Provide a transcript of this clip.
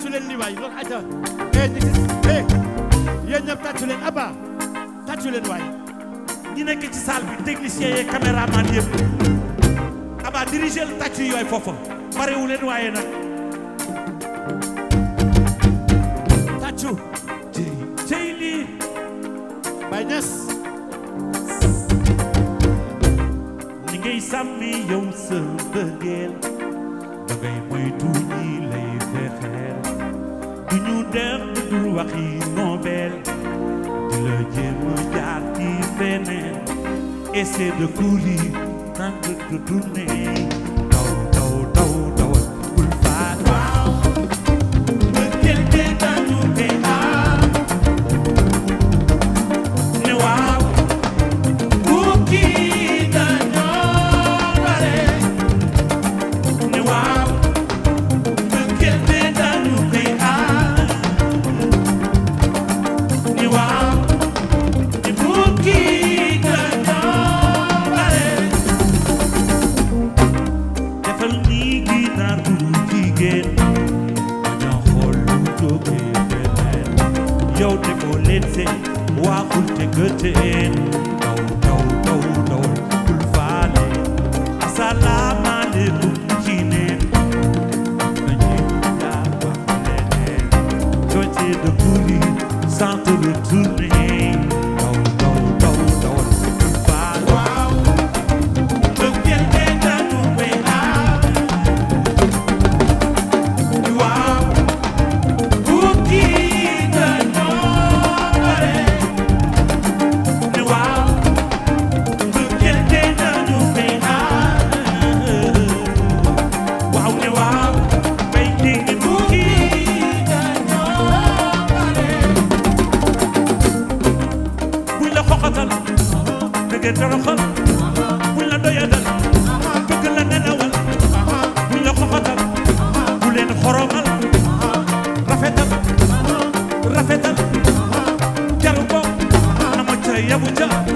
tàccu li waay loolu aca e eh, ñi gis e abba tàccu waay ñi nekk ci salle bi technicien yee caméraman yëpp abba dirigé lu tàccu yooyu foofu parewu leen waaye nag tàccu cey bay ñes ni ngay sàmmi yow sa bëggeel da ngay moytu ñi lay fexe du ñu def du dul waxi nobel di la jéem a jaar ci feneen essayer de courir tant que de jawte ko ledde waakulte gëtte en dow dow dow dow tulfaale asalama aleykum jineen no jeeyaaba lenen coñteede buuri sans te retourner xootal dëgg toroxal buñ la doyadal rafetal rafetal jaru ko ama ca